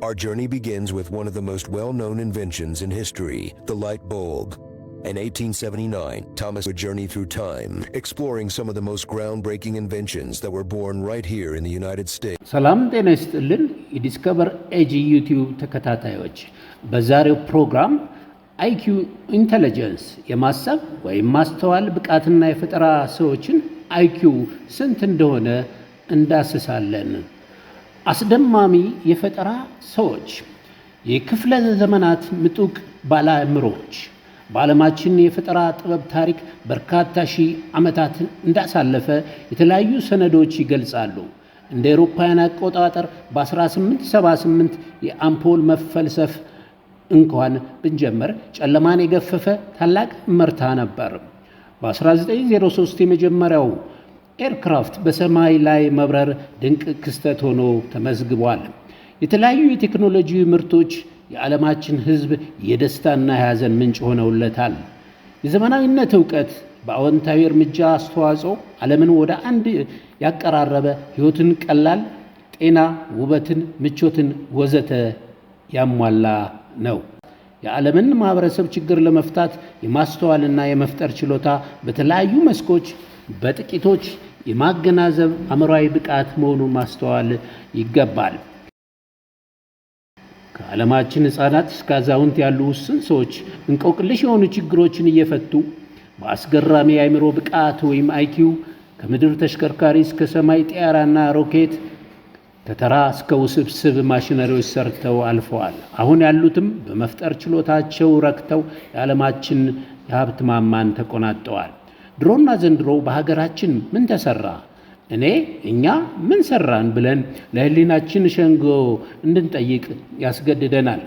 Our journey begins with one of the most well known inventions in history, the light bulb. In 1879, Thomas would journey through time, exploring some of the most groundbreaking inventions that were born right here in the United States. ሰላም ጤና ይስጥልን የዲስከቨር ኤጂ ዩቲዩብ ተከታታዮች፣ በዛሬው ፕሮግራም አይኪዩ ኢንቴሊጀንስ የማሰብ ወይም ማስተዋል ብቃትና የፈጠራ ሰዎችን አይኪዩ ስንት እንደሆነ እንዳስሳለን። አስደማሚ የፈጠራ ሰዎች፣ የክፍለ ዘመናት ምጡቅ ባለአእምሮዎች በዓለማችን የፈጠራ ጥበብ ታሪክ በርካታ ሺህ ዓመታት እንዳሳለፈ የተለያዩ ሰነዶች ይገልጻሉ። እንደ ኤሮፓውያን አቆጣጠር በ1878 የአምፖል መፈልሰፍ እንኳን ብንጀምር ጨለማን የገፈፈ ታላቅ እመርታ ነበር። በ1903 የመጀመሪያው ኤርክራፍት በሰማይ ላይ መብረር ድንቅ ክስተት ሆኖ ተመዝግቧል። የተለያዩ የቴክኖሎጂ ምርቶች የዓለማችን ሕዝብ የደስታና የሐዘን ምንጭ ሆነውለታል። የዘመናዊነት እውቀት በአዎንታዊ እርምጃ አስተዋጽኦ ዓለምን ወደ አንድ ያቀራረበ ሕይወትን ቀላል፣ ጤና፣ ውበትን፣ ምቾትን ወዘተ ያሟላ ነው። የዓለምን ማኅበረሰብ ችግር ለመፍታት የማስተዋልና የመፍጠር ችሎታ በተለያዩ መስኮች በጥቂቶች የማገናዘብ አእምሯዊ ብቃት መሆኑን ማስተዋል ይገባል። ከዓለማችን ሕፃናት እስከ አዛውንት ያሉ ውስን ሰዎች እንቆቅልሽ የሆኑ ችግሮችን እየፈቱ በአስገራሚ የአእምሮ ብቃት ወይም አይኪው ከምድር ተሽከርካሪ እስከ ሰማይ ጠያራና ሮኬት ከተራ እስከ ውስብስብ ማሽነሪዎች ሰርተው አልፈዋል። አሁን ያሉትም በመፍጠር ችሎታቸው ረክተው የዓለማችን የሀብት ማማን ተቆናጠዋል። ድሮና ዘንድሮ በሀገራችን ምን ተሰራ እኔ እኛ ምን ሰራን ብለን ለህሊናችን ሸንጎ እንድንጠይቅ ያስገድደናል።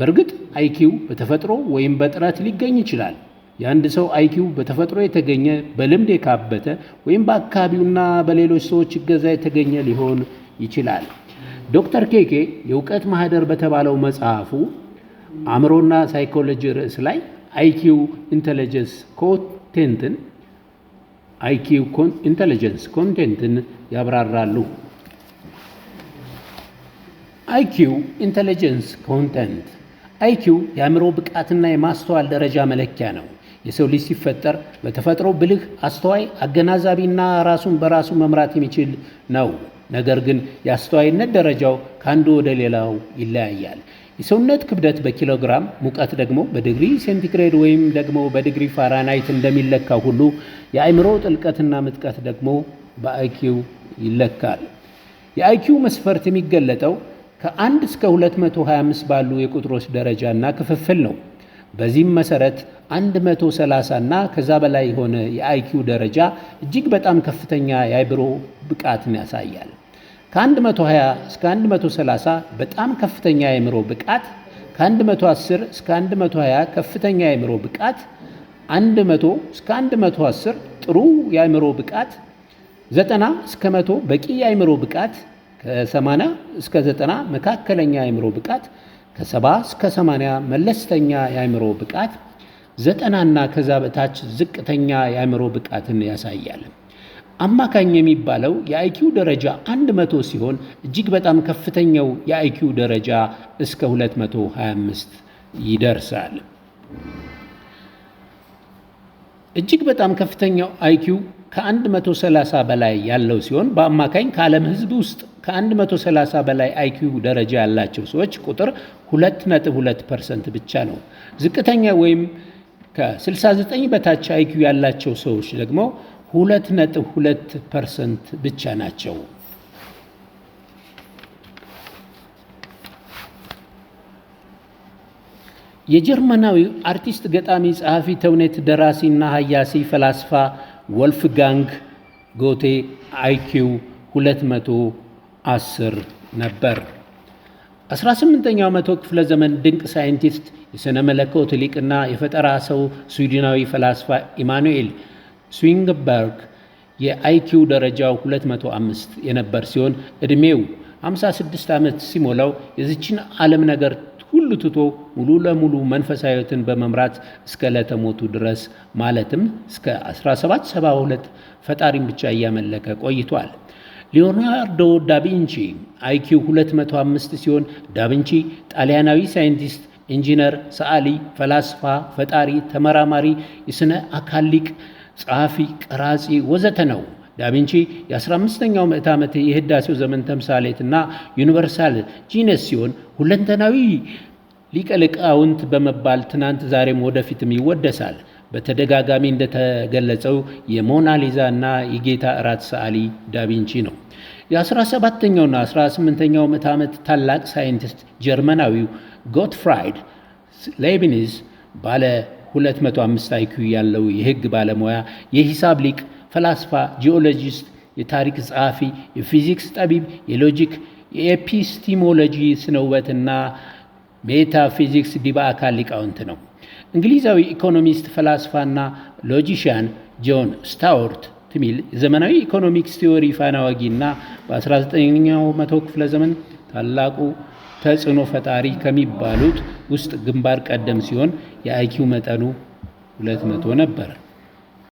በእርግጥ አይኪው በተፈጥሮ ወይም በጥረት ሊገኝ ይችላል። የአንድ ሰው አይኪው በተፈጥሮ የተገኘ በልምድ የካበተ ወይም በአካባቢውና በሌሎች ሰዎች እገዛ የተገኘ ሊሆን ይችላል። ዶክተር ኬኬ የእውቀት ማህደር በተባለው መጽሐፉ አእምሮና ሳይኮሎጂ ርዕስ ላይ አይኪው ኢንቴለጀንስ ኮቴንትን አይኪው ኢንቴሊጀንስ ኮንቴንትን ያብራራሉ። አይኪው ኢንቴሊጀንስ ኮንቴንት አይኪው የአእምሮ ብቃትና የማስተዋል ደረጃ መለኪያ ነው። የሰው ልጅ ሲፈጠር በተፈጥሮ ብልህ፣ አስተዋይ፣ አገናዛቢና ራሱን በራሱ መምራት የሚችል ነው። ነገር ግን የአስተዋይነት ደረጃው ከአንዱ ወደ ሌላው ይለያያል። የሰውነት ክብደት በኪሎግራም ሙቀት ደግሞ በዲግሪ ሴንቲግሬድ ወይም ደግሞ በዲግሪ ፋራናይት እንደሚለካ ሁሉ የአእምሮ ጥልቀትና ምጥቀት ደግሞ በአይኪው ይለካል። የአይኪው መስፈርት የሚገለጠው ከአንድ እስከ 225 ባሉ የቁጥሮች ደረጃ እና ክፍፍል ነው። በዚህም መሰረት 130 እና ከዛ በላይ የሆነ የአይኪው ደረጃ እጅግ በጣም ከፍተኛ የአእምሮ ብቃትን ያሳያል። ከ120 እስከ 130 በጣም ከፍተኛ የአእምሮ ብቃት፣ ከ110 እስከ 120 ከፍተኛ የአእምሮ ብቃት፣ 100 እስከ 110 ጥሩ የአእምሮ ብቃት፣ 90 እስከ 100 በቂ የአእምሮ ብቃት፣ ከ80 እስከ 90 መካከለኛ የአእምሮ ብቃት፣ ከ70 እስከ 80 መለስተኛ የአእምሮ ብቃት፣ ዘጠናና ከዛ በታች ዝቅተኛ የአእምሮ ብቃትን ያሳያል። አማካኝ የሚባለው የአይኪው ደረጃ አንድ መቶ ሲሆን እጅግ በጣም ከፍተኛው የአይኪው ደረጃ እስከ 225 ይደርሳል። እጅግ በጣም ከፍተኛው አይኪው ከ130 በላይ ያለው ሲሆን በአማካኝ ከዓለም ሕዝብ ውስጥ ከ130 በላይ አይኪው ደረጃ ያላቸው ሰዎች ቁጥር 2.2 ፐርሰንት ብቻ ነው። ዝቅተኛ ወይም ከ69 በታች አይኪው ያላቸው ሰዎች ደግሞ ሁለት ነጥብ ሁለት ፐርሰንት ብቻ ናቸው። የጀርመናዊው አርቲስት፣ ገጣሚ፣ ጸሐፊ ተውኔት ደራሲና ሀያሲ ፈላስፋ ወልፍጋንግ ጎቴ አይኪው 210 ነበር። 18ኛው መቶ ክፍለ ዘመን ድንቅ ሳይንቲስት፣ የሥነ መለኮት ሊቅና የፈጠራ ሰው ስዊድናዊ ፈላስፋ ኢማኑኤል ስዊንግበርግ የአይኪው ደረጃው 205 የነበር ሲሆን ዕድሜው 56 ዓመት ሲሞላው የዚችን ዓለም ነገር ሁሉ ትቶ ሙሉ ለሙሉ መንፈሳዊትን በመምራት እስከ ለተሞቱ ድረስ ማለትም እስከ 1772 ፈጣሪን ብቻ እያመለከ ቆይቷል። ሊዮናርዶ ዳቪንቺ አይኪው 205 ሲሆን ዳቪንቺ ጣሊያናዊ ሳይንቲስት ኢንጂነር፣ ሰዓሊ፣ ፈላስፋ፣ ፈጣሪ፣ ተመራማሪ፣ የሥነ አካል ሊቅ ጸሐፊ፣ ቀራጺ ወዘተ ነው። ዳቪንቺ የ15ኛው ምዕት ዓመት የህዳሴው ዘመን ተምሳሌትና ዩኒቨርሳል ጂነስ ሲሆን ሁለንተናዊ ሊቀ ሊቃውንት በመባል ትናንት፣ ዛሬም ወደፊትም ይወደሳል። በተደጋጋሚ እንደተገለጸው የሞናሊዛ እና የጌታ እራት ሰዓሊ ዳቪንቺ ነው። የ17ኛውና 18ኛው ምዕት ዓመት ታላቅ ሳይንቲስት ጀርመናዊው ጎትፍራይድ ሌቢኒዝ ባለ 205 አይኪው ያለው የህግ ባለሙያ፣ የሂሳብ ሊቅ፣ ፈላስፋ፣ ጂኦሎጂስት፣ የታሪክ ጸሐፊ፣ የፊዚክስ ጠቢብ፣ የሎጂክ የኤፒስቲሞሎጂ ስነውበትና ሜታፊዚክስ ዲባ አካል ሊቃውንት ነው። እንግሊዛዊ ኢኮኖሚስት ፈላስፋና ሎጂሽያን ጆን ስታወርት ትሚል የዘመናዊ ኢኮኖሚክስ ቲዮሪ ፋና ወጊና በ19ኛው መቶ ክፍለ ዘመን ታላቁ ተጽዕኖ ፈጣሪ ከሚባሉት ውስጥ ግንባር ቀደም ሲሆን የአይኪው መጠኑ 200 ነበር።